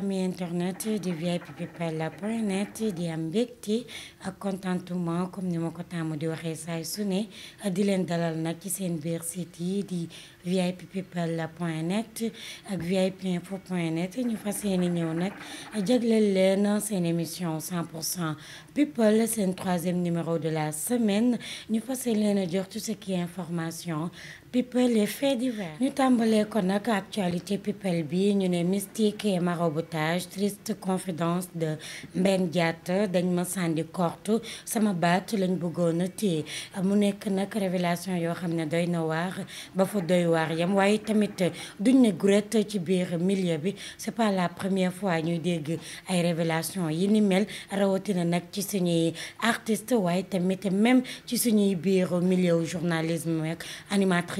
amis internet People la di am mbégte ak contentement comme ni m'ont ko à di waxee à Dylan Dalalna di leen dalal nag ci la biir site yi di vipepeople.net ak vipinfo.net ñu fas yéene ñëw une jagleel leen seen émission 100 People 100 people troisième numéro de la semaine ñu une yéene dire tout ce qui est information people les faits divers ñu tàmbalee ko nag actualité people bi ñu ne mystique et maraboutage triste confidence de Mbeng Diatta dañ ma sànni korte sama baat lañ bëggoon a téye mu nekk nag révélation yo xam doy na war ba fa doy war yam waye tamit duñ ne guret ci biir milieu bi c'est pas la première fois ñuy dégg ay révélation yi ni mel rawatina nak ci suñuy artiste waye tamit même ci suñuy biir milieu journalisme ak animatrice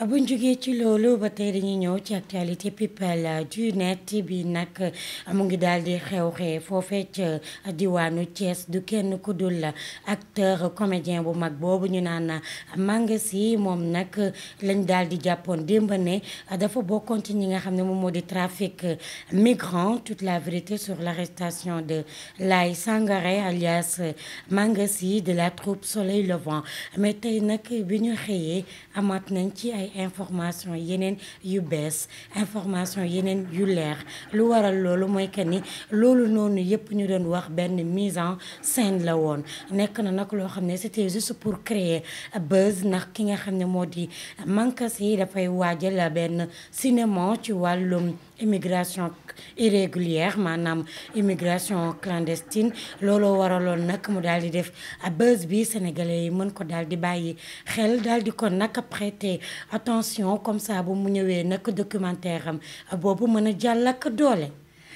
buñ à ci loolu ba tey ñëw ci actualité du net bi nag mu ngi xew-xew vie ca diwaanu Thiès acteur comédien bu mag boobu ñu naan di dafa trafic migrant toute la vérité sur l'arrestation de l'ay Sangaré alias Manga de la troupe Soleil Levant mais tey information yeneen yu bees information yeneen yu leer lu waral loolu mooy que ni loolu noonu yëpp ñu doon wax benn mise en la woon nekk na nag loo xam ne c'était juste pour créer buzz ndax ki nga xam ne moo di mankas yi dafay cinéma ci wàllum immigration irrégulière manam, immigration clandestine Lolo waralon nak mu daldi de def bi sénégalais yi mën ko daldi prêter attention comme ça bu mu ñëwé que documentaire am boobu faire,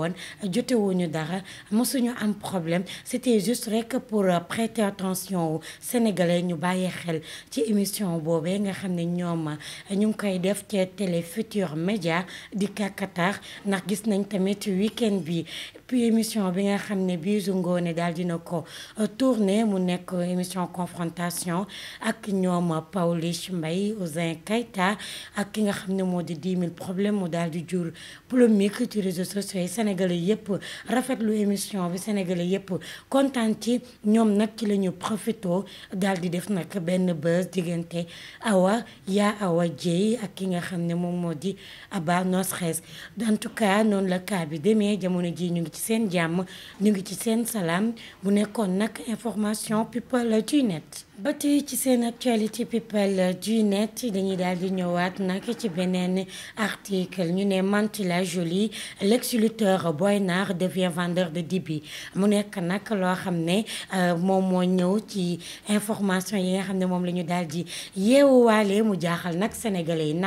woon jotewuñu dara mosuñu am problème c'était juste rek pour euh, prêter attention au sénégalais ñu bàyyi xel ci émission de nga xam ne ñoom euh, koy def ci télé futur Médias di kakatar ndax gis nañ week bi puis émission bi nga xamné bi Bijou Ngoné dina ko euh, tourné mu nek émission confrontation ak paulish Paulish Mbaye Ouzin Kaita ak ki nga xamné modi 10000 10 000 problèmes mu daal di jur polémique ci réseaux sociaux sénégalais yëpp rafetlu émission bi sénégalais yëpp kontaan ci ñoom nag ci la ñu profitoo daal di def nag benn buzz diggante Awa yaa Awa Dieye ak ki nga xam ne moom moo di Aba Stress en tout cas noonu la cas bi demee jamono ji ñu ngi ci seen jàmm ñu ngi ci seen salaam bu nekkoon nag information people la ciy net ba tey ci seen actualité people du net dañuy daal di ñëwaat nak ci benen article ñu né Mantula Jolie l'ex-lutteur Boy devient vendeur de dibi mu nekk nak lo xamné euh, mom mo ñëw ci information yi nga xamné mom lañu la ñu daal di mu jaaxal nak sénégalais yi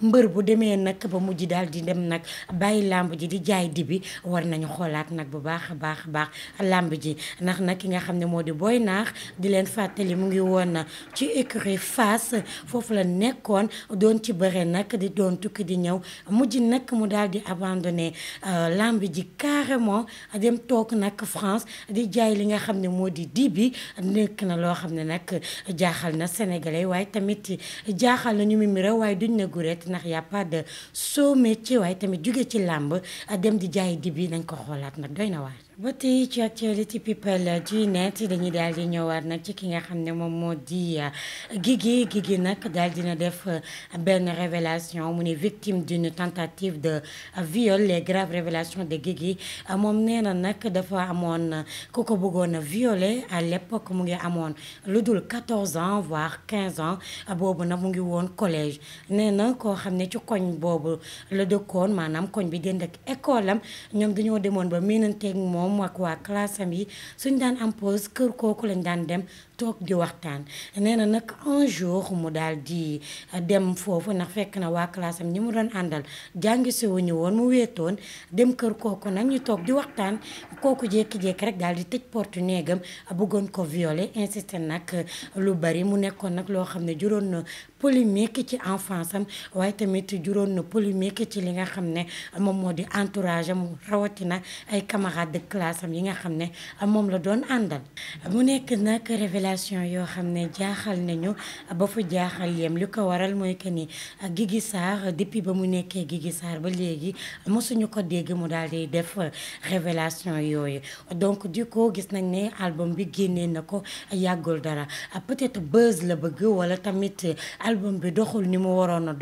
mbeur bu démé nak ba mujj daal di dem nak bàyyi lamb ji di jaay dibi war nañu xolaat nak bu baax baax baax lamb ji ndax nak ki nga xamné modi moo di Boy Nar leen fàttali mu ngi ngi ci écurie face fofu la nekkoon doon ci béré nak di doon tukki di ñew mujj nak mu daldi di abandonné euh, lamb ji carrément dem tok nak France di jaay li nga xamné modi moo di bi nekk na lo xamné nak jaaxal na sénégalais way tamit jaaxal na ñu mi mi waaye duñ na guret nak y a pas de sommet métier waaye tamit juggé ci lamb dem di jaay di bi nañ ko xoolaat nag doy na waar ba ci actuality people du net dañuy daal di ñëwaat nak ci ki nga xam mom mo di gigi gigi nak daal dina def ben révélation mu ne victime d'une tentative de viol les graves révélations de Gigi mom nee na dafa amone ku ko bëggoon violer à l'époque mu ngi amone lu 14 ans voire 15 ans bobu nak mu ngi woon collège nee ko koo ci koñ boobu la dëkkoon manam koñ bi dënd ak école am ñom dañu demoon ba miinanteeg moom moom ak waa classe am yi suñ daan am kër kooku lañ daan dem toog di waxtaan nee na nag un jour mu daal di euh, dem foofu nag fekk na waa classe ñi mu doon àndal jàngi si wuñu woon mu wéetoon dem kër kooku nag ñu toog di waxtaan kooku jékki-jékki rek daal di tëj portu néegam bëggoon ko violer insisté nag euh, lu bari mu nekkoon nag loo xam ne juróon na polémique ci enfance am waaye tamit juróon na polémique ci li nga xam ne euh, moom moo di entourage am rawatina ay camarades de classe yi nga xam ne moom la doon àndal révélation yo xamné jaaxal nañu ba fa jaaxal yem liko waral moy que ni Guigui depuis ba mu nekkee gigi sar ba léegi mosuñu ko dégg mu daldi def révélation yoy donc du coup gis nañ né album bi génné nako yagol dara peut-être buzz la bëgg wala tamit album bi doxul ni mu waroon a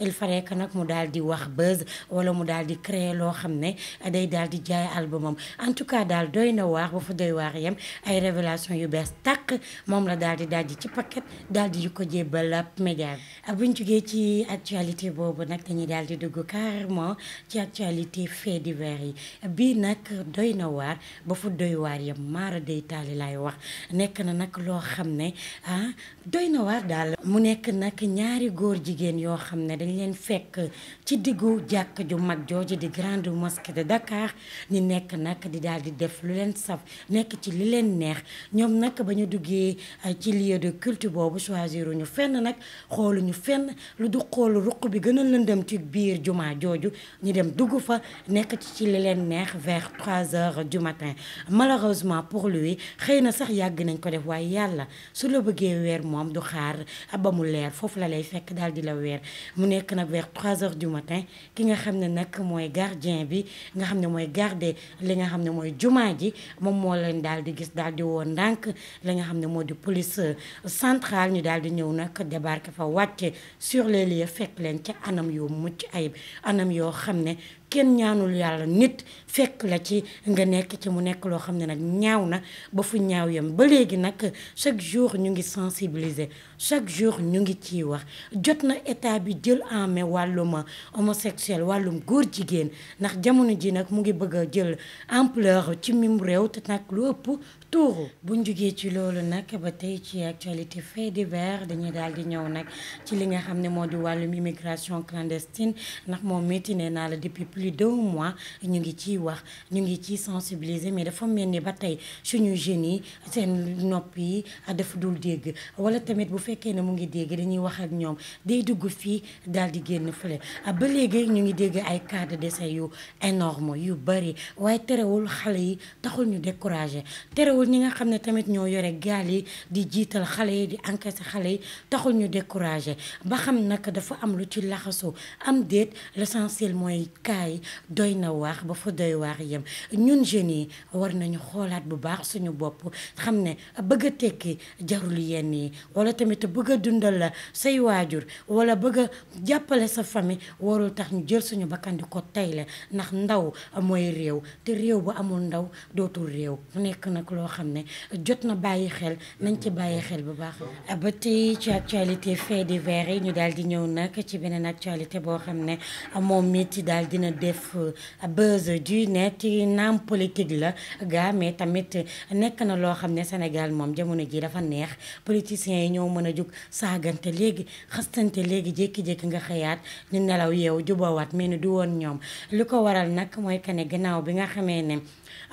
il fallait que nak mu daldi di wax buzz wala mu daldi di créer lo xamné ne day daal album jaay albumam en tout cas dal doyna na waar ba fa doy waar yem ay révélation yu bees tak moom la daal di daal ci paquet daal di yu ko jébbal média bi. Ah, bu ñu jugee ci actualité boobu nag dañu daal di dugg carrément ci actualité fait divers yi bii nag doy na waar ba fu doy waar yam maara day taali laay wax nekk na nag loo xam ne ah doy na waar daal. mu nekk nag ñaari góor jigéen yoo xam ne dañ leen fekk ci diggu jàkk ju mag jooju di grande mosquée de Dakar ñu nekk nag di daal di def lu leen saf nekk ci li leen neex ñoom nag ba ñu dugg duggee ci lieu de culte bobu choisir ñu fenn nak xolu ñu fenn lu du xol ruq bi gën a lëndëm ci biir juma joju ñu dem dugg fa nekk ci ci li leen neex vers 3 h du matin malheureusement pour lui xeyna sax yag nañ ko def way yalla su lo bëggee wër moom du xaar ba mu leer fofu la lay fekk daal di la wër mu nekk nak vers 3 h du matin ki nga xam nak moy gardien bi nga xam moy garder li nga xam moy juma ji mom mo leen daal di gis daal di woo ndànk li nga xam xam moo di police euh, centrale ñu daal di ñëw nag débarqué fa wàcce sur les fekk leen ca anam yu mucc ayib anam yoo xam ne kenn ñaanul yàlla nit fekk la ci nga nekk ci mu nekk loo xam ne nag ñaaw na ba fu ñaaw yam ba léegi nag chaque jour ñu ngi sensibiliser chaque jour ñu ngi ciy wax jot na état bi jël en main wàllum homosexuel wàllum góor jigéen ndax jamono ji nag mu ngi bëgg a jël ampleur ci mim réew te nag lu ëpp tuuru buñ jugee ci loolu nag ba tey ci actualité fait divers dañuy daal di ñëw nag ci li nga xam ne moo di wàllum immigration clandestine ndax moom métti nee naa la depuis plus de mois ñu ngi ciy wax ñu ngi ciy sensibiliser mais dafa mel ni ba tey suñu jeunes yi seen nopp yi dafa dul dégg wala tamit bu fekkee ne mu ngi dégg dañuy wax ak ñoom day dugg fii daal di génn fële ah, ba léegi ñu ngi dégg ay cas de décès yu énorme yu bari waaye téréwul xalé yi taxul ñu décourager. Téréwul ñi nga xamné tamit ño yoré gal yi di jital xalé yi di encaissé xalé yi taxul ñu décourager. ba xam nak dafa am lu ci laxasoo am déet l'essentiel moy cas tey doy na ba fa doy waar yem ñun jeunes yi war nañu xolaat bu baax suñu bop xamne bëgg a tekki jarul yenn yi wala tamit bëgg dundal la say wajur wala bëgg jappalé sa famille warul tax ñu jël suñu bakandi ko tey la ndax ndaw moy réew te réew bu amul ndaw dootul réew mu nekk nag loo xam ne jot na bàyyi xel nañ ci bayyi xel bu baax ba tay ci actualité fait divers yi ñu daldi di ñëw nag ci benen actualité bo xamne mom moom miti daal def euh, buzz du net naam politique la gaa mais tamit nekk na loo xam ne Sénégal moom jamono ji dafa neex politiciens yi ñoo mën a jug saagante léegi xastante léegi jékki-jékki nga xëyaat ñu nelaw yeew jubawaat mel ni du woon ñoom li ko waral nag mooy que ne gannaaw bi nga xamee ne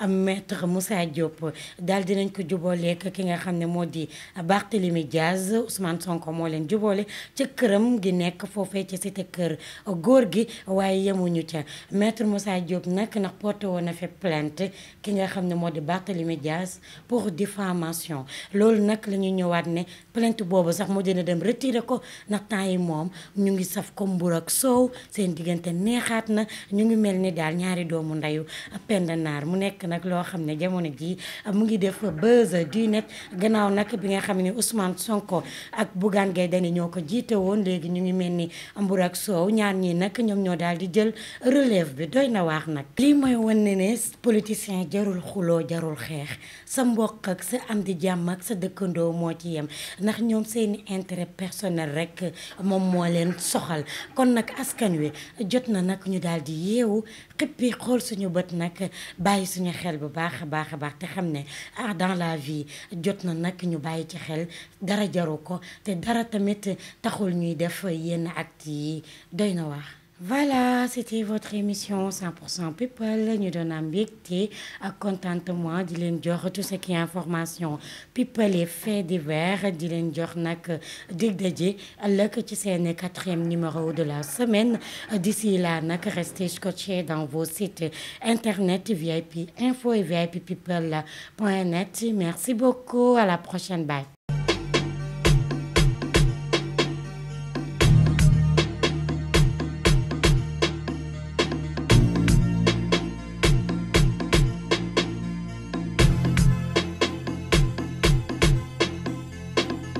maître Moussa Diop dal dinañ ko jubooleeg ki nga xam ne moo di Barthélémy Diaz Ousmane Sonko moo leen juboole ca këram gi nekk foofee ca te kër góor gi waaye yemuñu ca maître Moussa Diop nag ndax porté woon na fi plainte ki nga xam ne moo di Barthélémy Diaz pour diffamation loolu nag la ñu ñëwaat ne plainte boobu sax moo dina dem retiré ko ndax temps yi moom ñu ngi saf ko mbur ak soow seen diggante neexaat na ñu ngi mel ni daal ñaari doomu ndeyu nekk nag loo xam ne jamono jii mu ngi def buzz du net gannaaw nag bi nga xam ne Ousmane Sonko ak Bougane Gueye Dany ñoo ko jiite woon léegi ñu ngi mel ni mburu ak soow ñaar ñi nag ñoom ñoo daal di jël relève bi doy na waax nag. lii mooy wane ne ne politicien jarul xuloo jarul xeex sa mbokk ak sa am di jàmm ak sa dëkkandoo moo ci yem ndax ñoom seeni intéret personnel rek moom moo leen soxal kon nag askan wi jot na nag ñu daal di yeewu. xippi xool suñu bët nag bàyyi suñu xel bu baax a baax a baax te xam ne ah dans la vie jot na nag ñu bàyyi ci xel dara jaru ko te dara tamit taxul ñuy def yenn actes yi doy na wax voilà c'était votre émission 100% people Nous donnons un à contentement di Dior, tout ce qui est information people les faits divers di que jox dig que quatrième numéro de la semaine d'ici là que restez scotché dans vos sites internet VIP info et VIP people merci beaucoup à la prochaine bye.